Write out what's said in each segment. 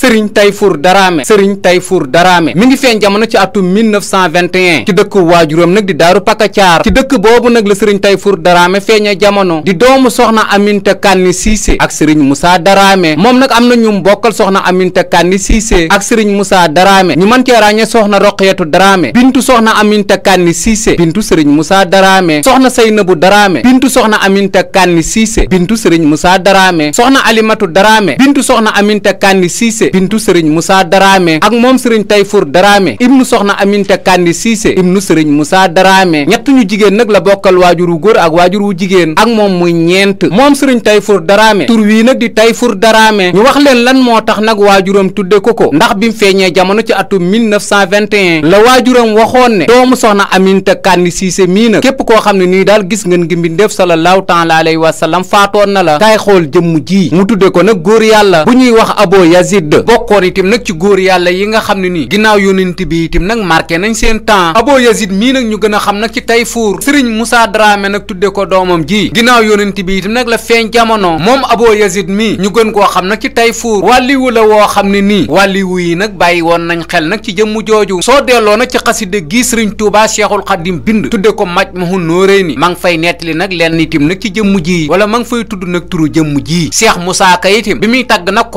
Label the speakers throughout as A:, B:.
A: sëriñ Tayfour Darame sëriñ Tayfour Darame mi ngi feeñ jamono ci atum 1921 ci dëkk waajuram nag di daaru Pakacaar ci dëkk boobu nag la sëriñ Tayfour Darame feeña jamono di doomu soxna Aminta Kanni Cissé ak sëriñ Moussa Darame moom nag am na ñu mbokkal soxna Aminta Kanni Cissé ak sëriñ Moussa Darame ñu mën cee ràññee soxna Roqiyatu Darame bintu soxna Aminta Kanni Cissé bintu sëriñ Moussa Darame soxna Seynabu Darame bintu soxna Aminta Kanni Cissé bintu sëriñ Moussa Darame soxna Alimatu Darame bintu soxna Aminta Kanni Cissé Cissé bintu sëriñ Moussa Daraame ak moom sëriñ Tayfour Daraame ibnu soxna Aminta Kandi Cissé ibnu sëriñ Moussa Daraame ñett ñu jigéen nag la bokkal waajur wu góor ak waajur wu jigéen ak moom muy ñeent moom sëriñ Tayfour Daraame tur wii nag di Tayfour Daraame ñu wax leen lan moo tax nag waajuram tudde ko ko ndax bi mu feeñee jamono ci atum 1921 la waajuram waxoon ne doomu soxna Aminta Kandi Cissé mii nag képp koo xam ne nii daal gis ngeen ngi mbindeef sallallahu taala alayhi wa sallam faatoon na la kaay xool jëmm ji mu tudde ko nag góor yàlla ñuy wax bokkoon itam nag ci góor yàlla yi nga xam ne nii ginnaaw yonent bi itam nag marqué nañ seen temps Abo Yazid mii nag ñu gën a xam nag ci Tayfur sëriñ Moussa Dramé nag tudde ko doomam ji ginnaaw yonent bi itam nag la feeñ jamono moom Abo Yazid mii ñu gën koo xam nag ci Tayfur wàlliwu la woo xam ne nii wàlliwu yi nag bàyyi woon nañ xel nag ci jëmm jooju soo delloo nag ci xaside gi sëriñ Touba Cheikhul Khadim bind tudde ko Majmahun Nooreyni ma ngi fay nettali nag lenn itam nag ci jëmm ji wala ma ngi tudd nag turu jëmm ji Cheikh Moussa Ka muy tàgg nag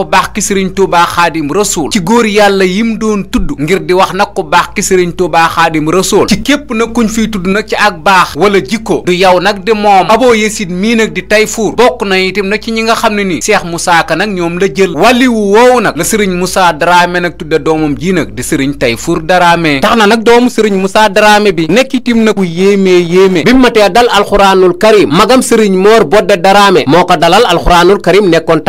A: Touba Xaadim Rasoul ci góor yàlla yim doon tudd ngir di wax nag ku baax ki Serigne Touba Xaadim Rasoul ci képp nag kuñ fiy tudd nag ci ak baax wala jikko du yow nag di moom Abo Yezid mii nag di Tayfur bokk na itam nag ci ñi nga xam ne nii Cheikh Moussa Ka nag ñoom la jël wàlliwu woowu nag la Serigne Moussa Dramé nag tudde doomam ji nag di Serigne Tayfur Dramé tax na nag doomu Serigne Moussa Dramé bi nekk itam nag ku yéemee bi mu matee dal alxuraanul karim magam Serigne Mor Bodda Dramé moo ko dalal alxuraanul karim nekkoon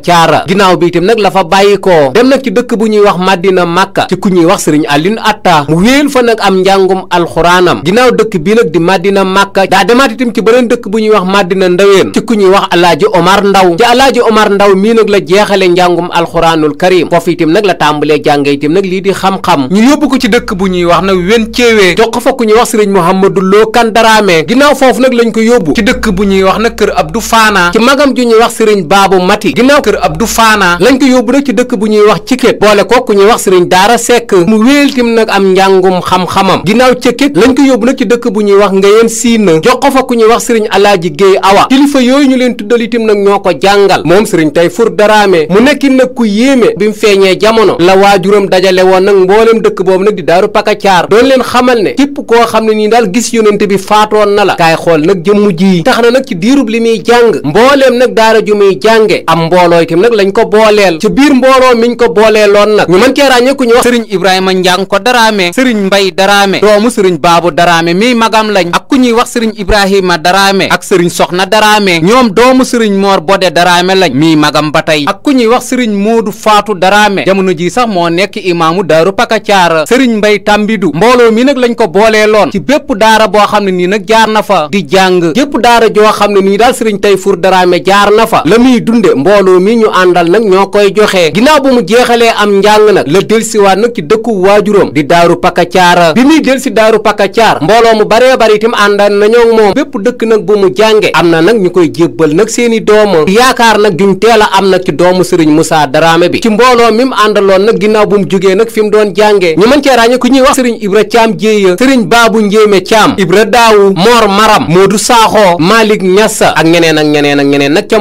A: caara ginnaaw bi itam nag la fa bàyyi ko dem nag ci dëkk bu ñuy wax Madina Màkka ci ku ñuy wax sëriñ Alioune Atta mu wéel fa nag am njàngum alxuraanam ginnaaw dëkk bii nag di Madina Màkka daa demaat itam ci beneen dëkk bu ñuy wax Madina Ndaween ci ku ñuy wax Alaaji Omar Ndaw ci Alaaji Omar Ndaw mii nag la jeexale njàngum alxuraanul karim foofu itam nag la tàmbalee jànge itam nag lii di xam-xam ñu yóbbu ko ci dëkk bu ñuy wax nag wen ceewee jox ko fa ku ñuy wax sëriñ Mouhamadou Lo Kandaraame ginnaaw foofu nag lañ ko yóbbu ci dëkk bu ñuy wax nag kër Abdou Faana ci magam ju ñuy wax sëriñ Baabu Mati kër Abdou Faana lañ ko yóbbu nag ci dëkk bu ñuy wax Cikét boole ko ku ñuy wax sëriñ Daara Seck mu wéeltim nag am njàngum xam-xamam ginnaaw Cikét lañ ko yóbbu nag ci dëkk bu ñuy wax Ngayeen Siina jox ko fa ku ñuy wax sëriñ Alaaji Géey Awa kilifa yooyu ñu leen tuddal itam nag ñoo ko jàngal moom sëriñ Tayfur Daraame mu nekkin nag ku yéeme bi mu feeñee jamono la waajuram dajale woon nag mbooleem dëkk boobu nag di daaru pakacaar doon leen xamal ne képp koo ne nii daal gis yonente bi faatoon na la kaay xool nag jëmm ji tax na ci diirub li muy jàng mbooleem nag daara ju muy jànge am Ndao itam nag lañ ko booleel ci biir mbooloo miñ ko booleeloon nag ñu mën cee ràññee ku ñu wax sëriñ Ibrahima Njànko Daraame sëriñ Mbay Daraame doomu sëriñ Baabu Daraame mii magam lañ ak ku ñuy wax sëriñ Ibrahima Daraame ak sëriñ Soxna Daraame ñoom doomu sëriñ Moor Bode Daraame lañ mii ba tey ak ku ñuy wax sëriñ Moodu Faatu Daraame jamono ji sax moo nekk imaamu Daaru Pakacaar sëriñ Mbay Tambidu mbooloo mi nag lañ ko booleeloon ci bépp daara boo xam ne nii nag jaar na fa di jàng gépp daara joo xam ne nii daal sëriñ Tayfur Daraame jaar na la muy dunde mbooloo mi ñi ñu àndal nag ñoo koy joxe ginnaaw bu mu jeexalee am njàng nag la delsiwaat nag ci dëkku waajuram di daaru pakacaara bi muy delsi daaru pakacaar mbooloo mu baree bari itam àndal nañoo moom bépp dëkk nag bu mu jànge am na nag ñu koy jébbal nag seeni doom yaakaar nag juñ teel a am nag ci doomu sëriñ Moussa Daraame bi ci mbooloo mi mu àndaloon nag ginnaaw bu mu jógee nag fi mu doon jànge ñu mën cee ràññe ku ñuy wax sëriñ Ibra Caam Jéeya sëriñ Baabu Njéeme Caam Ibra Daawu Moor Maram Moodu Saaxoo Malik Ñasa ak ñeneen ak ñeneen ak ñeneen nag ca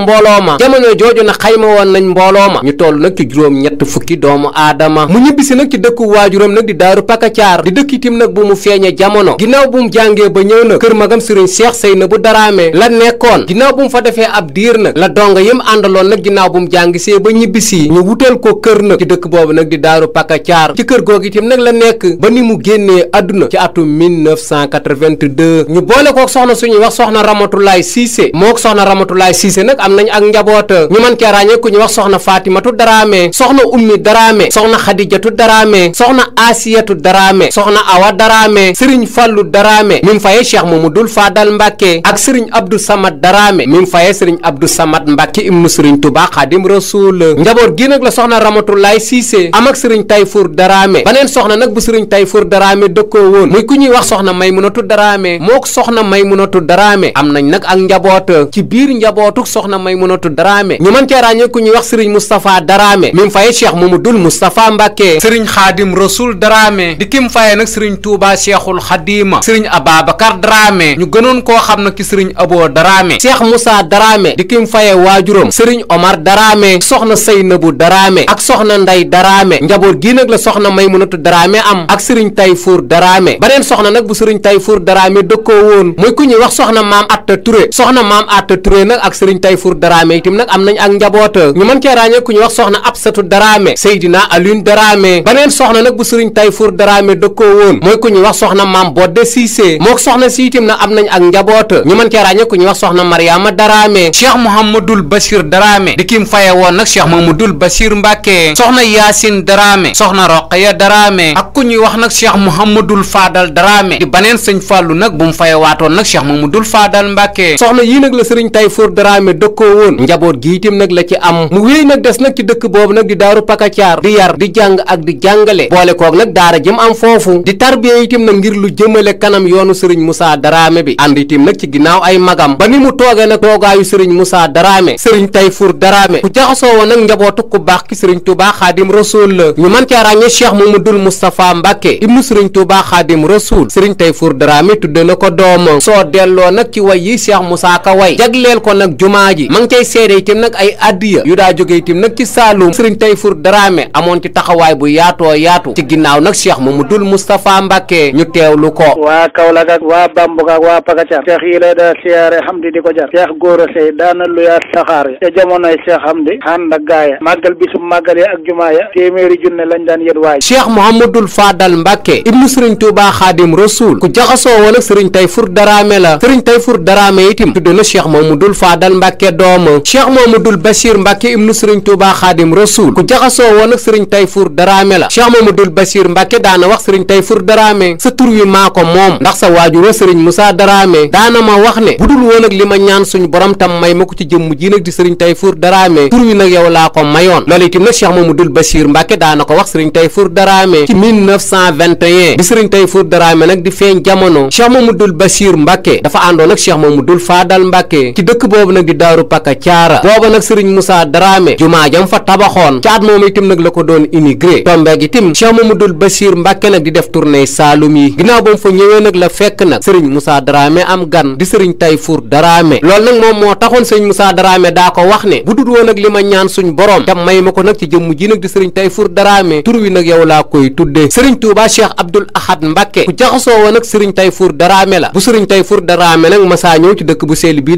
A: xayma woon nañ mbooloo ma ñu toll nag ci juróom-ñett fukki doomu aadama mu ñibbisi nag ci dëkku waajuram nag di daaru pakacaar di dëkk itim nag bu mu feeñe jamono ginnaaw bu mu jàngee ba ñëw nag kër magam sëriñ seex Seynabu Daraame la nekkoon ginnaaw bu mu fa defee ab diir nag la donga yëm àndaloon nag ginnaaw bu mu jàngisee ba ñibbisi ñu wutal ko kër nag ci dëkk boobu nag di daaru pakacaar ci kër googu itim nag la nekk ba ni mu génnee àdduna ci atum 1982 ñu boole kook soxna suñuy wax soxna Ramatulaay Siise mook soxna Ramatulaay Siise nag am nañ ak njaboota ñu mën cee ràññ ràññee ku ñu wax soxna faatimatu daraame soxna ummi daraame soxna xadijatu daraame soxna asiyatu daraame soxna awa dara daraame sëriñ fàllu daraame mi mu fayee cheikh mamadul faadal ak sëriñ abdu samad daraame mi mu fayee sëriñ abdu samad mbàkke ibnu sëriñ tuba xaadim rasul njaboot gi nag la soxna ramatulaay siise am ak sëriñ tayfur daraame neen soxna nag bu sëriñ tayfur daraame dëkkoo woon muy ku ñuy wax soxna maymunatu daraame mook soxna maymunatu daraame am nañ nag ak njaboot ci biir njabootuk soxna may daraame dara mën cee ràññee gaañe ku ñuy wax sëriñ Moustapha Darame mi mu faye cheikh Mamadou Moustapha Mbacke sëriñ Xaadim Rasul Darame di kim faye nag sëriñ Touba Cheikhul Xadima sëriñ Ababacar Darame ñu gënoon koo xam nag ci sëriñ Abo Darame cheikh Moussa Darame di kim faye waajuram sëriñ Omar Darame soxna Seynabu Darame ak soxna Ndey Darame njaboot gii nag la soxna Maymunatu Darame am ak sëriñ Tayfour Darame beneen soxna nag bu sëriñ Tayfour Darame dëkkoo woon muy ku ñuy wax soxna maam Atta Touré soxna maam Atta Touré nag ak sëriñ Tayfour Darame itam nag am nañ ak njaboot njabootam ñu mën cee ràññee ku ñu wax soxna Absatu Daraame Seydina Alioune Daraame baneen soxna nag bu sëriñ Tayfour Daraame dëkkoo woon mooy ku ñu wax soxna Maam Bodde Cissé moo soxna si itam na am nañ ak njaboota ñu mën cee ràññee ku ñu wax soxna Mariama Daraame Cheikh Mouhamadul Bachir Daraame di kim faye woon nag Cheikh Mouhamadul Bachir Mbàkke soxna Yaasin Daraame soxna Roqaya Daraame ak ku ñuy wax nag Cheikh Mouhamadul Faadal Daraame di baneen nag bu mu fayewaatoon nag Cheikh Mouhamadul Faadal Mbàkke soxna yii nag la sëriñ Tayfour Daraame dëkkoo woon njaboot gi itam nag la ci am mu wéy nag des nag ci dëkk boobu nag di daaru pakacaar di yar di jàng ak di jàngale boole koog nag daara jëm am foofu di tarbiya itam nag ngir lu jëmale kanam yoonu sëriñ Moussa Daraame bi ànd itam nag ci ginnaaw ay magam ba ni mu toogee nag toogaayu sëriñ Moussa Daraame sëriñ Tayfur Daraame ku jaxasoo woon nag njabootu ku baax ki sëriñ Touba Xaadim Rasul la ñu mën caa ràññee Cheikh Mamadul Moustapha Mbàkke ibnu sëriñ Touba Xaadim Rasul sëriñ Tayfur Daraame tudde na ko doomam soo delloo nag ci way yi Cheikh Moussa ka way jagleel ko nag jumaa ji addiya yu daa jóge itam nag ci Saalum sëriñ Tayfur Dramé amoon ci taxawaay bu yaatoo yaatu ci ginnaaw nag Cheikh Mamadul Moustapha Mbacke ñu teewlu ko
B: waa Kaolack ak waa Bambuk ak waa Pakacar Cheikh yi la daa siyaare Hamdi di ko jar Cheikh Góora Sey daana luyaa saxaar ya ca jamonoy Cheikh Hamdi xànd ak gaaya màggal bisum màggal ya ak jumaa ya téeméeri junne lañ daan yet waay seex
A: Mouhamadul Fadal Mbacke ibnu sëriñ Touba Xaadim Rasul ku jaxasoo woon ak sëriñ Tayfur Dramé la sëriñ Tayfur Dramé itim tudde na Cheikh Mamadul Fadal Mbacke dooma Cheikh Mamadul Bachir Bachir Mbacke ibnu sëriñ Touba Xaadim Rasoul ku jaxasoo woon ak sëriñ Tayfour Daraame la Cheikh Mamadul Bachir Mbacke daana wax sëriñ Tayfour daana wax ne bu dul li ma ñaan suñu borom tam may ma ko ci jëmm ji nag di sëriñ Tayfour Daraame tur wi nag yow laa ko mayoon loolu itam nag Cheikh Mamadul Bachir Mbacke daana ko wax sëriñ Tayfour Daraame ci 1921 bi sëriñ Tayfour Daraame nag di feeñ jamono Cheikh Mamadul Bachir Mbacke dafa àndoon ak Cheikh Mamadul Fadal Mbacke ci dëkk boobu nag di Daaru Paka Caara booba nag sëriñ Moussa Dramé jumaa jam fa tabaxoon ca at moom itam nag la ko doon immigré tombeeg itam Cheikh Mamadou Bachir Mbàkke nag di def tournée Saloum yi ginnaaw ba mu fa ñëwee nag la fekk nag sëriñ Moussa Dramé am gan di sëriñ Tayfour Dramé loolu nag moom moo taxoon sëriñ Moussa Dramé daa ko wax ne bu dul woon nag li ma ñaan suñ borom te may ma ko nag ci jëmm ji nag di sëriñ Tayfour Dramé tur wi nag yow laa koy tuddee sëriñ Touba Cheikh Abdoul Ahad Mbàkke ku jaxasoo woon nag sëriñ Tayfour Dramé la bu sëriñ Tayfour Dramé nag masaa ñëw ci dëkk bu sell bii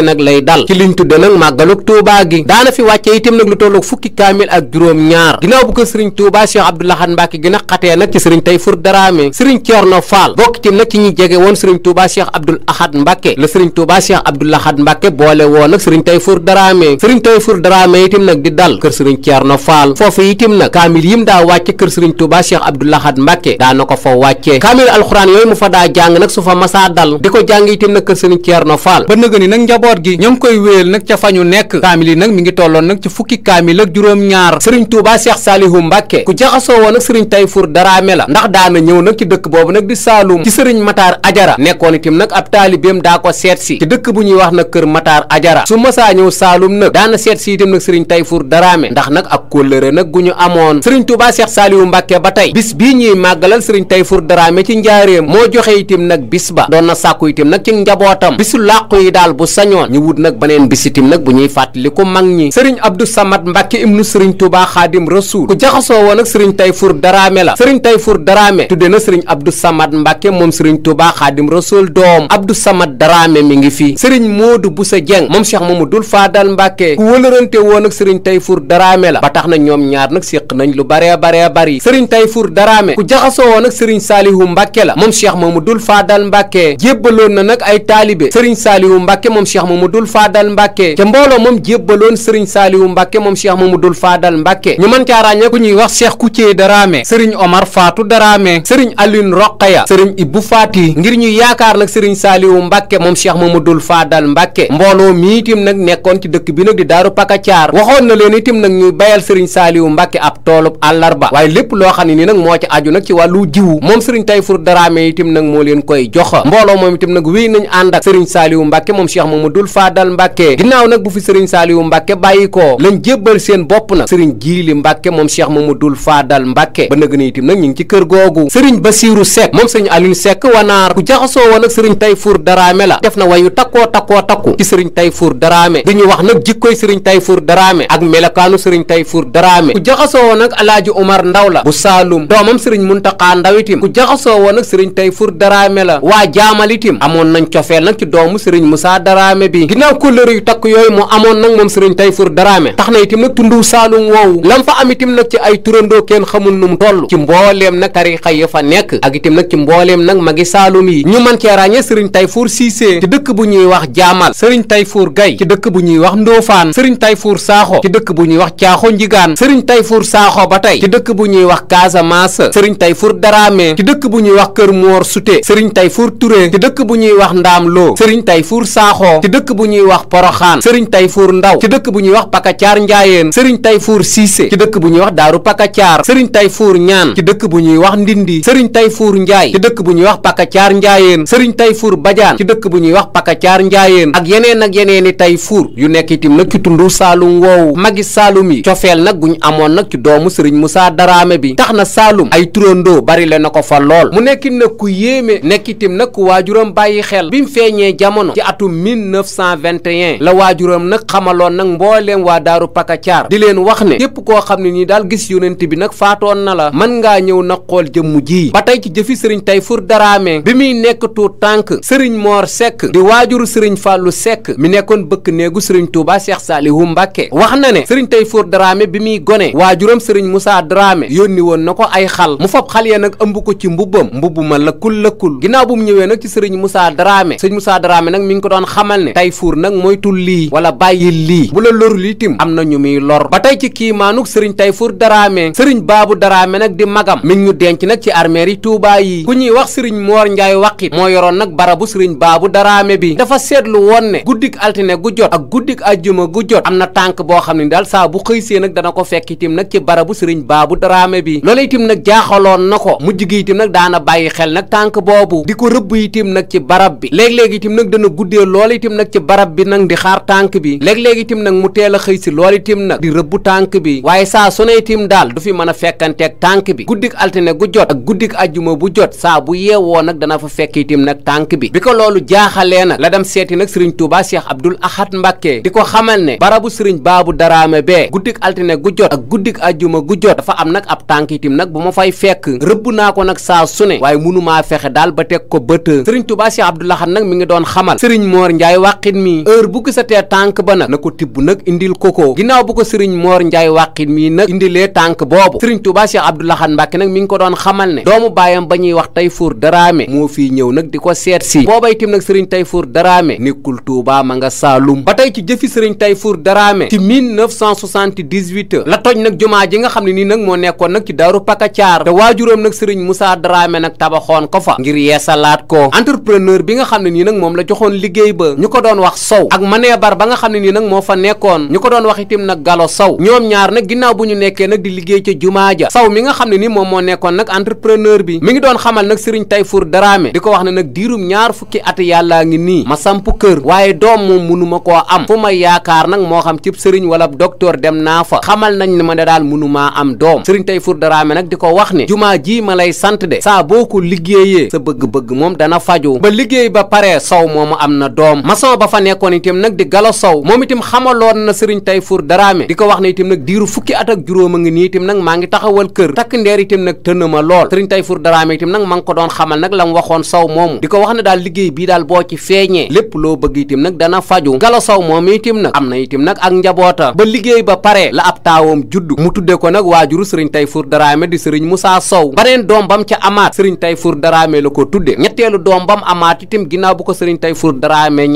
A: nag lay dal ci liñ tudde nag màggalug Touba gi daana fi wàcce itam nag lu tolloog fukki kaamil ak juróom-ñaar ginnaaw bu ko sëriñ Touba Cheikh Abdou Lahad Mbacké gën a nag ci sëriñ Tayfur Daraame sëriñ Ceerno Faal bokk ci nag ci ñi jege woon sëriñ Touba Cheikh Abdou Lahad Mbacké la sëriñ Touba Cheikh Abdou Lahad Mbacké boole woon nag sëriñ Tayfur Daraame sëriñ Tayfur Daraame itam nag di dal kër sëriñ Ceerno Faal foofu itam nag kaamil yim daa wàcce kër sëriñ Touba Cheikh Abdou Lahad Mbacké daana ko fa wàcce kaamil alxuraan yooyu mu fa daa jàng nag su fa masaa dal di ko jàng ña ngi koy wéyal nag ca fañu nekk kaamil yi nag mi ngi tolloon nag ci fukki kaamil ak juróom-ñaar sëriñ Touba Cheikh Salihu Mbacke ku jaxasoo woon ak sëriñ Tayfur Daraame la ndax daana ñëw nag ci dëkk boobu nag di Saalum ci sëriñ Matar Ajara nekkoon itam nag ab taalibeem daa ko seet si ci dëkk bu ñuy wax na kër Matar Ajara su masaa ñëw Saalum nag daana seet si itam nag sëriñ Tayfur Daraame ndax nag ak kóllëre nag gu ñu amoon sëriñ Touba Cheikh Salihu Mbacke ba tey bis bii ñuy màggalal sëriñ Tayfur Daraame ci njaareem moo joxe itam nag bis ba na sàkku itam nag ci njabootam bisu làqu yi daal bu sañoon wut nag beneen bisitim nag bu ñuy fàttali ko mag ñi sëriñ Abdou Samad Mbàkke ibnu sëriñ Touba xaadim Rasuul ku jaxasoo woon ak sëriñ Tayfur Daraame la sëriñ Tayfur Daraame tudde na sëriñ Abdou Samad Mbàkke moom sëriñ mi fi sëriñ Moodu Busa Jeng moom Cheikh Mamadul Faadal Mbàkke ku wëlërante woon ak sëriñ Tayfur Daraame la ba tax na ñoom ñaar nag séq nañ lu baree baree bari sëriñ Tayfur Daraame ku jaxasoo woon ak sëriñ Saalihu Mbàkke la moom Cheikh Mamadul Faadal Mbàkke jébbaloon na nag ay taalibe sëriñ Saalihu Mbàkke moom a Mamadul Mamadul Faadal Mbàkke ca mbooloo moom jébbaloon sëriñ Saaliwu Mbàkke moom Cheikh Mamadul Faadal Mbàkke ñu mën caa ràññee ku ñuy wax Cheikh Kucee Daraame sëriñ Omar Faatu Daraame sëriñ Alioune Roqaya sëriñ Ibbu Faati ngir ñu yaakaar nag sëriñ Saaliwu Mbàkke moom Cheikh Mamadul Faadal Mbàkke mbooloo mi itam nag nekkoon ci dëkk bi nag di Daaru Pakacaar waxoon na leen itam nag ñuy bayal sëriñ Saaliwu Mbàkke ab toolub àllarba waaye lépp loo xam ne ni nag moo ci aju nag ci wàllu jiwu moom sëriñ Tayfur Daraame itam nag moo leen koy jox mbooloo moom itam nag wéy nañ ànd ak Fadal Mbàkke ginnaaw nag bu fi sëriñ Saaliwu Mbàkke bàyyi ko lañ jébbal seen bopp nag sëriñ Jiili Mbàkke moom Cheikh Mamadul Fadal Mbàkke ba nëg na itam nag ñu ngi ci kër googu sëriñ Basiiru Seck moom sëriñ Aliou Seck wanaar ku jaxasoo woon ak sëriñ Tayfur Daraame la def na wayu takkoo takkoo takku ci sëriñ Tayfur Daraame di ñu wax nag jikkoy sëriñ Tayfur Daraame ak melakaanu sëriñ Tayfur Daraame ku jaxasoo woon ak Alaaji Omar Ndaw la bu Saalum doomam sëriñ Muntaqa Ndaw itam ku jaxasoo woon ak sëriñ Tayfur Daraame la waa jaamal ginnaaw kóllëre yu takk yooyu mu amoon nag moom sëriñ Tayfur Daraame tax na itam nag tundu saalum woowu lam fa am itam nag ci ay turandoo kenn xamul nu mu toll ci mbooleem nag tarixa ya fa nekk ak itam nag ci mbooleem nag magi saalum yi ñu mën cee ràññee sëriñ Tayfur Cissé ci dëkk bu ñuy wax Jaamal sëriñ Tayfur Gay ci dëkk bu ñuy wax Ndofaan sëriñ Tayfur Saaxo ci dëkk bu ñuy wax Caaxo Njigaan sëriñ Tayfur Saaxo ba tey ci dëkk bu ñuy wax Casamance sëriñ Tayfur Daraame ci dëkk bu ñuy wax Kër Moor Sute sëriñ Tayfur Touré ci dëkk bu ñuy wax Ndaam Lo sëriñ Tayfur Saaxo ci bu ñuy wax Poroxaan sëriñ Tayfuur Ndaw ci dëkk bu ñuy wax Pakacaar Njaayeen sëriñ Tayfuur Siise ci dëkk bu ñuy wax Daaru Pakacaar sëriñ Tayfuur Ñaan ci dëkk bu ñuy wax Ndindi sëriñ Tayfuur Njaay ci dëkk bu ñuy wax Pakacaar Njaayeen sëriñ Tayfuur Bajaan ci dëkk bu ñuy wax Pakacaar Njaayeen ak yeneen ak yeneeni Tayfuur yu nekk itim nag ci tundu Saalum woowu magi Saalum yi cofeel nag guñ amoon nag ci doomu sëriñ Musaa Daraame bi tax na Saalum ay turandoo bari le na ko fa lool mu nekk nag ku yéeme nekk itim nag ku xel bi mu feeñee jamono 1921 la waajuram nag xamaloon nag mbooleem waa daaru pakacaar di leen wax ne képp koo xam ne nii daal gis yonent bi nag faatoon na la man ngaa ñëw nag xool jëmm ji ba tey ci jëfi sëriñ Tayfur Daraame bi muy nekk tuut tànk sëriñ Moor Seck di waajuru sëriñ Fàllu Seck mi nekkoon bëkk néegu sëriñ Touba Cheikh Salihu Mbacke wax na ne sëriñ Tayfur Daraame bi muy gone waajuram sëriñ Moussa Daraame yónni woon na ko ay xal mu fab xal ya nag ëmb ko ci mbubbam mbubb ma lëkkul lëkkul ginnaaw Mansour nag moytul lii wala bàyyil lii bu la lorul itim am na ñu muy lor ba tey ci kiimaanuk sëriñ Tayfur Daraame sëriñ Baabu Daraame nag di magam mi ngi ñu denc nag ci armeer yi Tuubaa yi ku ñuy wax sëriñ Moor Njaay Waqit moo yoroon nag barabu sëriñ Baabu Daraame bi dafa seetlu woon ne guddik altine gu jot ak guddik ajjuma gu jot am na tànk boo xam ne daal saa bu xëy see nag dana ko fekk itim nag ci barabu sëriñ Baabu Daraame bi loolu itim nag jaaxaloon na ko gi itim nag daana bàyyi xel nag tànk boobu di ko nag ci barab bi barab bi nag di xaar tànk bi léeg-léeg itim nag mu teel a xëy si lool itim nag di rëbbu tànk bi waaye saa su ne itim daal du fi mën a fekkanteeg tànk bi guddik altine gu jot ak guddik ajjuma bu jot saa yeewoo nag dana fa fekk itim nag tànk bi bi ko loolu jaaxalee nag la dem seeti nag sëriñ Touba Cheikh Abdoul Ahad Mbacké di ko xamal ne barabu sëriñ Babou Daraame bee guddik altine gu jot ak guddik ajjuma gu jot dafa am nag ab tànk itim nag bu ma fay fekk rëbb naa ko nag saa su ne waaye munumaa fexe daal ba teg ko bët sëriñ Touba Cheikh Abdoul Ahad nag mi ngi doon xamal sëriñ Mor Ndiaye wàqit mii heure bu gisatee tànk ba nag na ko tibb nag indil koko ginnaaw bu ko sëriñ moor njaay wàqit mii nag indilee tànk boobu sëriñ Touba Cheikh Abdou Lahad nag mi ngi ko doon xamal ne doomu baayam ba ñuy wax Tayfour Daraame moo fii ñëw nag di ko seet si booba itam nag sëriñ Tayfour Daraame nekkul Touba ma nga Saalum ba tey ci jëfi sëriñ la toj nag ji nga xam ne nii nag moo nekkoon nag ci Daaru Pakacaar te waajuram nag sëriñ Moussa Daraame nag tabaxoon ko fa ngir yeesalaat ko entrepreneur bi nga xam ne nii nag moom la joxoon liggéey ba ñu ko doon wax wax sow ak maneebar ba nga xam ne nii nag moo fa nekkoon ñu ko doon wax itim nag galo sow ñoom ñaar nag ginnaaw bu ñu nekkee nag di liggéey ca jumaa ja sow mi nga xam ne ni moom moo nekkoon nag entrepreneur bi mu ngi doon xamal nag sëriñ Tayfur Daraame di ko wax ne nag diirum ñaar fukki at yàllaa ngi nii ma samp kër waaye doom moom mënuma ko am fu ma yaakaar nag moo xam cib sëriñ wala docteur dem naa fa xamal nañ ne ma ne daal munumaa am doom sëriñ Tayfur Daraame nag di ko wax ne jumaa ji ma lay sant de saa boo ko liggéeyee sa bëgg-bëgg moom dana faju ba liggéey ba pare sow moomu am na doom fa nekkoon itam nag di galo sow moom itam xamaloon na sëriñ Tayfour Daraame di ko wax ne itam nag diiru fukki at ak juróom a ngi nii itam nag maa ngi taxawal kër takk ndeer itam nag tënn ma lool sëriñ Tayfour Daraame itam nag ma ko doon xamal nag la mu waxoon sow moomu di ko wax ne daal liggéey bii daal boo ci feeñee lépp loo bëgg itam nag dana faju galo sow moom itam nag am na itam nag ak njaboota ba liggéey ba pare la ab taawam juddu mu tudde ko nag waajuru sëriñ Tayfour Daraame di sëriñ Moussa Sow baneen doom bam ca amaat sëriñ Tayfour Daraame la ko tudde ñetteelu doom bam amaat itam ginnaaw bu ko sëriñ Tayfour Daraame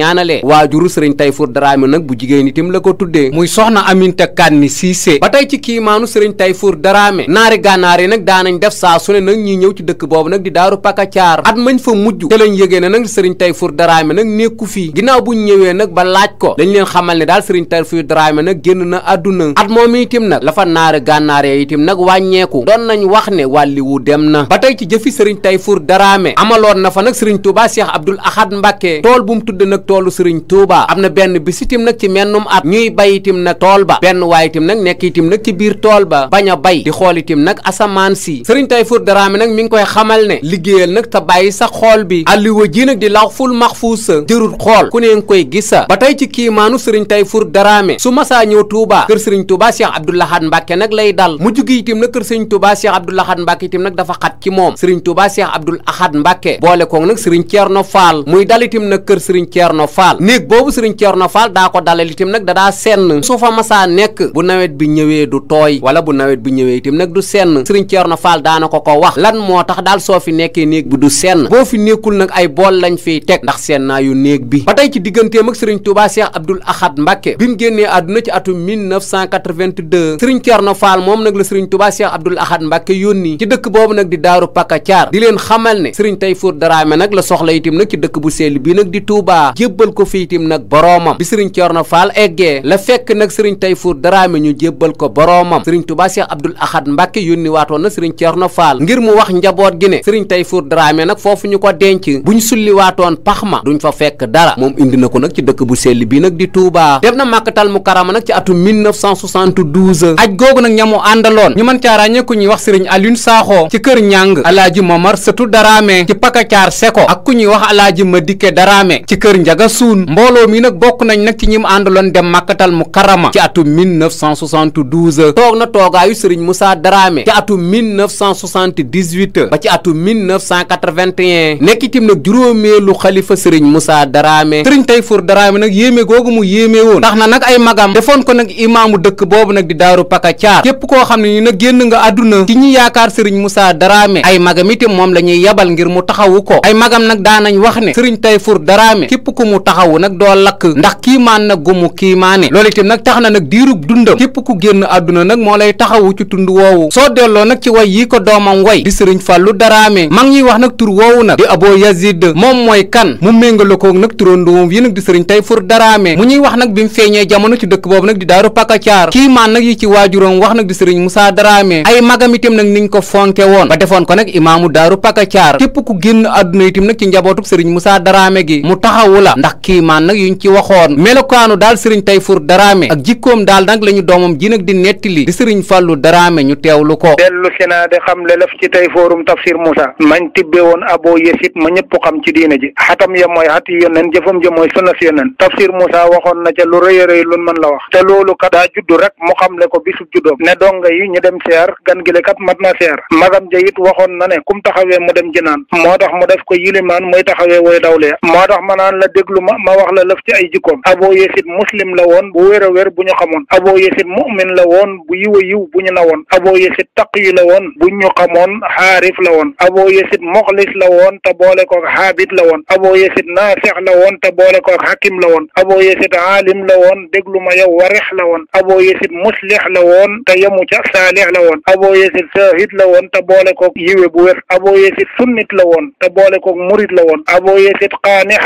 A: waajuru sëriñ Tayfour Dramé nag bu jigéen itam la ko tuddee muy soxna Aminta Kanni Cissé ba tey ci kiimaanu sëriñ Tayfour Dramé naari gànnaar yi nag daanañ def saa su ne nag ñi ñëw ci dëkk boobu nag di daaru pakacaar at mañ fa mujj te lañ yëgee ne nag sëriñ Tayfour Dramé nag nekku fii ginnaaw buñ ñëwee nag ba laaj ko dañ leen xamal ne daal sëriñ Tayfour Dramé nag génn na àdduna at moom itam nag la fa naari gànnaar yi itam nag wàññeeku doon nañ wax ne wàlli wu dem na ba tey ci jëfi sëriñ Tayfour Dramé amaloon na fa nag sëriñ Touba Cheikh Abdoul Ahad Mbacké tool bu mu tudd nag toolu sëriñ sëriñ Touba am na benn bis itam nag ci mennum at ñuy bay nag tool ba benn waay itam nag nekk itam nag ci biir tool ba bañ a bay di xool itam nag asamaan si sëriñ Tayfur Daraame nag mi ngi koy xamal ne liggéeyal nag te bàyyi sa xool bi alliwa ji nag di lawhul mahfuus sa jërul xool ku ne nga koy gis ba tey ci kiimaanu sëriñ Tayfur Daraame su masaa ñëw Touba kër sëriñ Touba Cheikh Abdou Lahad Mbacke nag lay dal mu jugi itam nag kër sëriñ Touba Cheikh Abdou Lahad Mbacke itam nag dafa xat ci moom sëriñ Touba Cheikh Abdou Lahad Mbacke boole koog nag sëriñ Thierno Fall muy dal itam nag kër sëriñ Thierno Fall néeg boobu sëriñ Ceerno Faal daa ko dalal itam nag da daa senn su fa masaa nekk bu nawet bi ñëwee du tooy wala bu nawet bi ñëwee itam nag du senn sëriñ Ceerno Faal daana ko ko wax lan moo tax daal soo fi nekkee néeg bi du senn boo fi nekkul nag ay bool lañ fi teg ndax seen yu néeg bi ba tey ci digganteem ak sëriñ Touba Cheikh Abdoul Ahad Mbacke bi mu génnee àdduna ci atum 1982 sëriñ Ceerno Faal moom nag la sëriñ Touba Cheikh Abdoul Ahad Mbacke yónni ci dëkk boobu nag di daaru Pakacaar di leen xamal ne sëriñ Tayfour Daraame nag la soxla itam nag ci dëkk bu sell bi nag di Touba fiitim nag boroomam bi sëriñ Coorna Faal la fekk nag sëriñ Tayfuur Daraame ñu jébbal ko boroomam sëriñ Tuubaa Abdul Ahad Mbàkke yónni waatoon na sëriñ Coorna ngir mu wax njaboot gi ne sëriñ Tayfuur Daraame nag foofu ñu ko denc buñ sulli waatoon pax ma duñ fa fekk dara moom indi na ko nag ci dëkk bu sell bi nag di Tuubaa dem na Màkkatal Mukarrama nag ci atum 1972 aj googu nag ñamu àndaloon ñu mën caa ràññee ku ñuy wax sëriñ Alioune Sakho ci ci Pakacaar mbooloo mi nag bokk nañ nag ci ñi mu àndaloon dem màkkatal mu karama ci atum 1972 toog na toogaayu sëriñ Moussa Dramé ci atum 1978 ba ci atum 1981 nekk itam nag juróomeelu xalifa sëriñ Moussa Dramé sëriñ Tayfour Dramé nag yéeme googu mu yéeme woon tax na nag ay magam defoon ko nag imaamu dëkk boobu nag di daaru Pakacaar képp koo xam ne ñu nag génn nga àdduna ci ñi yaakaar sëriñ Moussa Dramé ay magam itam moom la ñuy yabal ngir mu taxawu ko ay magam nag daanañ wax ne sëriñ Tayfour Dramé képp ku mu taxaw yow nag doo lakk ndax kiimaan nag gumu kiimaane loolu itam nag tax na nag diirub dundam képp ku génn àdduna nag moo lay taxawu ci tund woowu soo delloo nag ci way yi ko doomam way di sëriñ fàllu daraame mag ñuy wax nag tur woowu nag di aboo yazid moom mooy kan mu méngale ko nag turandoom yi nag di sëriñ tayfur daraame mu ñuy wax nag bi mu feeñee jamono ci dëkk boobu nag di daaru pakacaar kiimaan nag yi ci waajuróom wax nag di sëriñ musaa daraame ay magam ko fonke woon ba defoon ko nag imaamu daaru pakacaar képp ku génn àdduna itam nag ci njabootub sëriñ musaa daraame gi maan nag yuñ ci waxoon melokaanu daal sëriñ Tayfur Daraame ak jikkoom daal nag la ñu doomam ji nag di nettali di sëriñ Fàllu Daraame ñu lu ko
B: dellu si naa de xam le laf ci Tayfurum tafsir Moussa mañ tibbe woon aboo yesit ma ñëpp xam ci diina ji xatam ya mooy xati yónneen jëfam ja mooy sunna si yónneen tafsir Moussa waxoon na ca lu rëy a rëy lu mën la wax te loolu kat daa juddu rek mu xam le ko bisub juddoom ne donga yi ñu dem seer gan gile kat mat na seer magam ja waxoon na ne kum taxawee mu dem jinaan moo tax mu def ko yilimaan muy taxawee woy dawlee moo tax ma naan la déglu ma ma wax la lëf ci ay jikkoom aboo yeesit muslim la woon bu wér a wér bu ñu xamoon aboo yeesit mu'min la woon bu yiw a yiw bu ñu nawoon aboo yeesit taqi la woon bu ñu xamoon xaarif la woon aboo yeesit moxlis la woon ta boole koog xaabit la woon aboo yeesit naasix la woon te boole koog xakim la woon aboo yeesit aalim la woon déglu ma yow warix la woon aboo yeesit muslix la woon te yemu ca saalix la woon aboo yeesit saahid la woon te boole koog yiwe bu wér aboo yeesit sunnit la woon te boole koog murit la woon aboo yeesit qaanix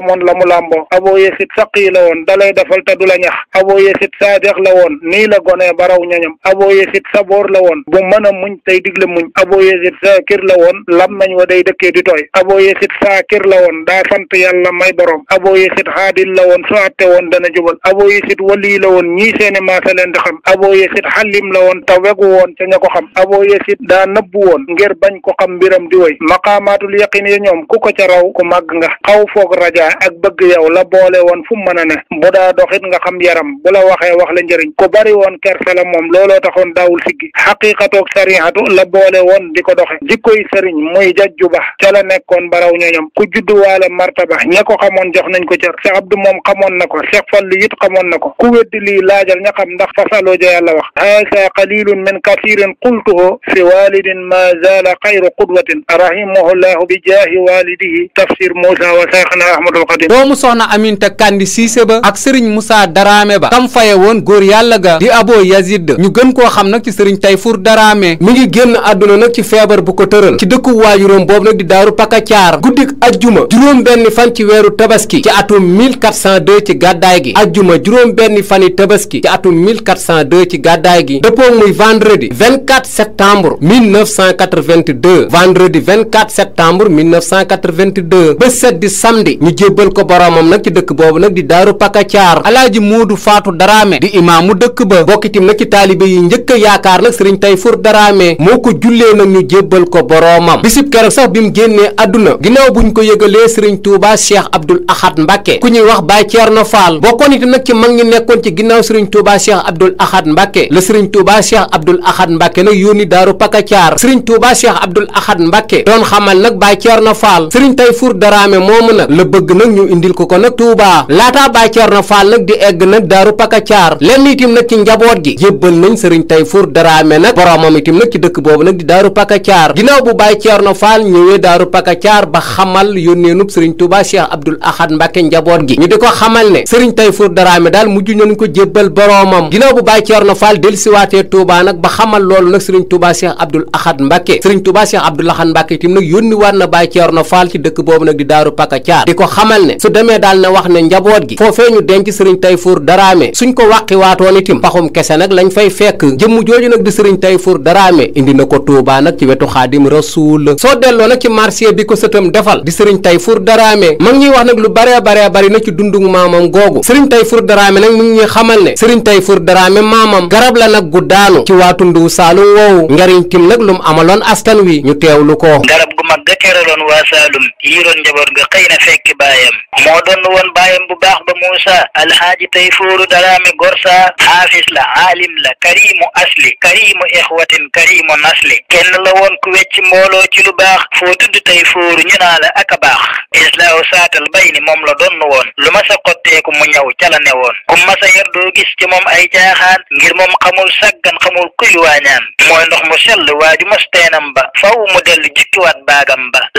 B: xamoon la mu làmboo aboo yéesit saqii la woon dalay defal te du la ñax aboo yéesit saadex la woon nii la gonee baraw ñañam aboo yéesit saboor la woon bu mën a muñ tey digle muñ aboo yéesit saakir la woon lam nañ wa day dëkkee di tooy aboo yéesit saakir la woon daa sant yàlla may boroom aboo yéesit xaadil la woon su atte woon dana jubal aboo yéesit walii la woon ñii seeni maasa leen di xam aboo yéesit xalim la woon ta wegu woon ca ña ko xam aboo yéesit daa nëbbu woon ngir bañ ko xam mbiram di woy maqaamaatul ak bëgg yow la boole woon fu mu mën a ne bu daa doxit nga xam yaram bu la waxee wax la njëriñ ku bari woon kersa la moom looloo taxoon daawul siggi xaqiqatoog sarihatu la boole woon di ko doxe jikkoy sëriñ muy jajju ba la nekkoon baraw ñoñom ku judduwaale martaba ña ko xamoon jox nañ ko cër Cheikh Abdou moom xamoon na ko Cheikh Fallu it xamoon na ko ku weddi lii laajal ña xam ndax fasaloo ja yàlla wax haasa qalilun min kasirin qultuhu fi walidin ma zaala xayru qudwatin rahimahu Cheikhul Khadim
A: doomu soxna Aminta Kandi Cissé ba ak sëriñ Moussa Daraame ba kam faye woon góor yàlla ga di Abo Yazid ñu gën koo xam nag ci sëriñ Tayfur Daraame mu ngi génn àdduna nag ci feebar bu ko tëral ci dëkku waajuróom boobu nag di daaru Pakacaar guddik ajjuma juróom benn fan ci weeru tabaski ci atum 1402 ci gàddaay gi ajjuma juróom benn fani tabaski ci atum 1402 ci gàddaay gi dëppoo muy vendredi 24 septembre 1982 vendredi 24 septembre 1982 ba set di samedi ñu jébbal ko boromam nag ci dëkk boobu nag di daaru pakacaar alaaji moodu faatu daraame di imaamu dëkk ba bokkitim nag ci taalibe yi njëkk a yaakaar nag sëriñ tayfur daraame moo ko jullee nag ñu jébbal ko boromam bisib keroog sax bi mu génnee àdduna ginnaaw buñ ko yëgalee sëriñ tuuba cheikh abdul ahad mbàkke ku ñuy wax baay ceerno faal bokkoon itam nag ci mag ñi nekkoon ci ginnaaw sëriñ tuuba cheikh abdul ahad mbàkke la sëriñ tuuba cheikh abdul ahad mbàkke nag yónni daaru pakacaar sëriñ tuuba cheikh abdul ahad mbàkke doon xamal nag baay ceerno faal sëriñ tayfur daraame moomu nag la bëgg nag ñu indil ko ko nag Touba laataa Baye Thierno Fall nag di egg nag daaru Pakacaar lenn itim nag ci njaboot gi jébbal nañ Serigne Tayfour Dramé nag boromam itim nag ci nag di daaru Pakacaar ginnaaw bu Baye Thierno Fall ñëwee daaru Pakacaar ba xamal yónneenub Serigne Touba Cheikh Abdoul Ahad Mbacke njaboot gi ñu di ko xamal ne Serigne Tayfour Dramé daal mujj nañ ko jébbal boromam ginnaaw bu Baye Thierno Fall dellusiwaatee Touba nag ba xamal loolu nag Serigne Touba Cheikh Abdoul Ahad Mbacke Serigne Touba Cheikh Abdoul Ahad Mbacke itim nag yónni waat na Baye Thierno Fall ci dëkk boobu nag di daaru Pakacaar di ko xam xamal ne su demee daal na wax ne njaboot gi foofee ñu denc sëriñ Tayfour Daraame suñ ko wàqi waatoon itim paxum kese nag lañ fay fekk jëmm jooju nag di sëriñ Tayfour Daraame indi na ko Touba nag ci wetu xaadim rasuul soo delloo nag ci marché bi ko sëtam defal di sëriñ Tayfour Daraame mag ñuy wax nag lu baree baree bari na ci dundug maamam googu sëriñ Tayfour Daraame nag mu ngi ñuy xamal ne sëriñ Tayfour Daraame maamam garab la nag gu daanu ci waa tundu Saalum woowu njariñ tim nag lu mu amaloon askan wi ñu ko
C: yoroon waa Saalum yoroon njaboot nga xëy na fekk baayam moo doon woon baayam bu baax ba Muusa alxaaji Tayfooru Daraame Gorsa xaafis la aalim la karimu asli karimu ixwatin karimu nasli kenn la woon ku wecc mbooloo ci lu baax foo tudd Tayfooru ñu naa la ak a baax islaahu saatal bayni moom la doon woon lu ma sa xotteeku mu ñaw ca la woon ku ma sa yar doo gis ci moom ay jaaxaan ngir moom xamul saggan xamul kuy waañaan mooy ndox mu sell waaju mos teenam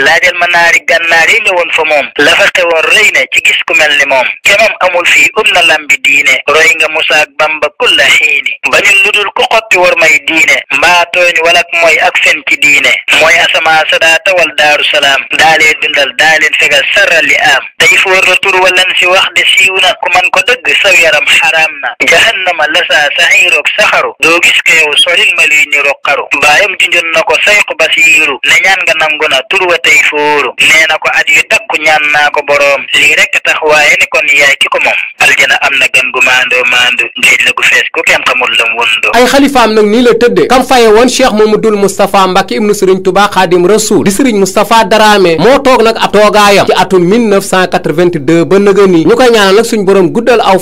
C: laajal ma naari gànnaar yi ñëwoon fa moom la fa xewoon rëy na ci gis ku mel ni moom kemam amul fii um na lambi diine roy nga musaak bamba kulla xiini bañul ludul ku xoppi war may diine mbaa tooñ walak mooy ak fen ci diine mooy asamaa sadaa tawal daaru salaam daalee dundal daaleen fegal sarali am tey foor la tur walan si wax de siiw ku man ko saw yaram xaraam na jahannama lasaa saxiiroog saxaru doo gis ko yow solil ma luy niroog xaru baayam junjoon na ko sayxu basiiru ne ñaan nga nangu na tur wa tey fóoru nee na ko at yu takku ñaan naa ko boroom lii rekk tax waaye ni kon yaay ki ko moom aljana am na gan gu maandoo maandu ngéej la gu fees ku kenn
A: xamul lam wundu ay xalifaam nag nii la tëdde kam faye woon cheikh mamadul moustapha mbàkke ibnu sëriñ tubaa xaadim rasuul di sëriñ moustapha daraame moo toog nag ab toogaayam ci atum 1982 ba nëgëni ñu koy ñaanal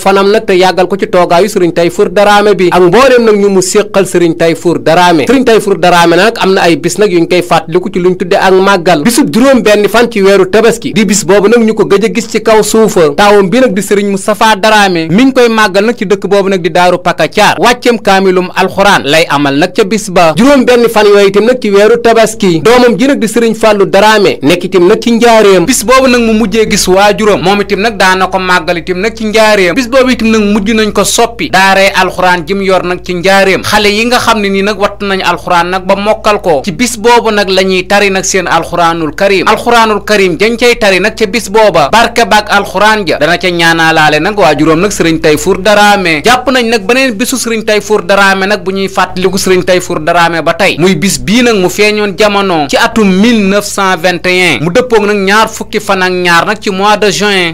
A: fanam nag te yàggal ko ci toogaayu sëriñ Tayfur Daraame bi ak mbooleem nag ñu mu séqal sëriñ Tayfur Daraame sëriñ Tayfur Daraame nag am na ay bis nag yuñ koy fàttaliku ci luñ tudde ak màggal bisub juróom benn fan ci weeru tabaski di bis boobu nag ñu ko gëj a gis ci kaw suufa taawam bi nag di sëriñ Moustapha Daraame mi ngi koy màggal nag ci dëkk boobu nag di daaru Pakacaar wàcceem kaamilum alxuraan lay amal nag ca bis ba juróom benn fan yooyu itam nag ci weeru tabaski doomam ji nag di sëriñ Fàllu Daraame nekk itam nag ci njaareem bis boobu nag mu mujjee gis waajuram moom itam nag daana ko màggal itam nag ci njaareem googu itam nag mujj nañ ko soppi daaree alxuraan jim yor nag ci njaareem xale yi nga xam ne nii nag watt nañ alxuraan nag ba mokkal ko ci bis boobu nag la ñuy tari nag seen alxuraanul karim alxuraanul karim dañ cay tari nag ca bis booba barke baag alxuraan ja dana ca ñaanaalaale nag waa juróom nag sëriñ Tayfour Daraame jàpp nañ nag beneen bisu sëriñ Tayfour Daraame nag bu ñuy fàttaliku sëriñ Tayfour Daraame ba tey muy bis bii nag mu feeñoon jamono ci atum 1921 mu dëppoog nag ñaar fukki fan ak ñaar ci mois de juin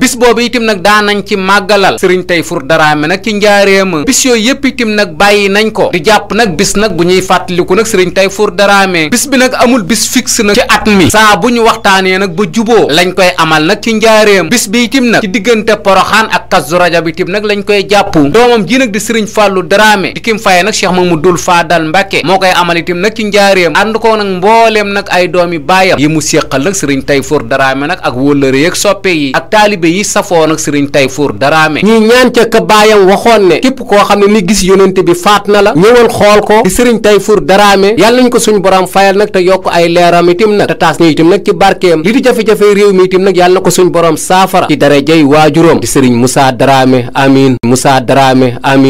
A: tey fur daraame nag ci njaareema bis yooyu yëpp itim nag bàyyi nañ ko di jàpp nag bis nag bu ñuy fàttaliku nag sëriñ tey fur daraame bis bi nag amul bis fixe nag ci at mi saa bu ñu waxtaanee nag ba juboo lañ koy amal nag ci njaareem bis bi itim nag ci diggante poroxaan ak kazu bi itim nag lañ koy jàpp doomam ji nag di sëriñ fàllu daraame di kim faye nag cheikh mamadul faadal mbàkke moo koy amal itim nag ci njaareem ànd ko nag mbooleem nag ay doomi baayam yi mu séqal nag sëriñ tey fur daraame nag ak wóllëre yeeg soppe yi ak taalibe yi safoo nag sëriñ tey fur ñaan ca ka baayam waxoon ne képp koo xam ne ni gis yonent bi faat na la ñëwal xool ko di sëriñ Tayfur Daraame yàlla nañ ko suñu borom fayal nag te yokk ay leeram itim nag te taas ñu itim nag ci barkeem li di jafe-jafe réew mi itim nag yàlla na ko suñu borom saafara ci darajay waajuróom di sëriñ Moussa Daraame amin musa Daraame amin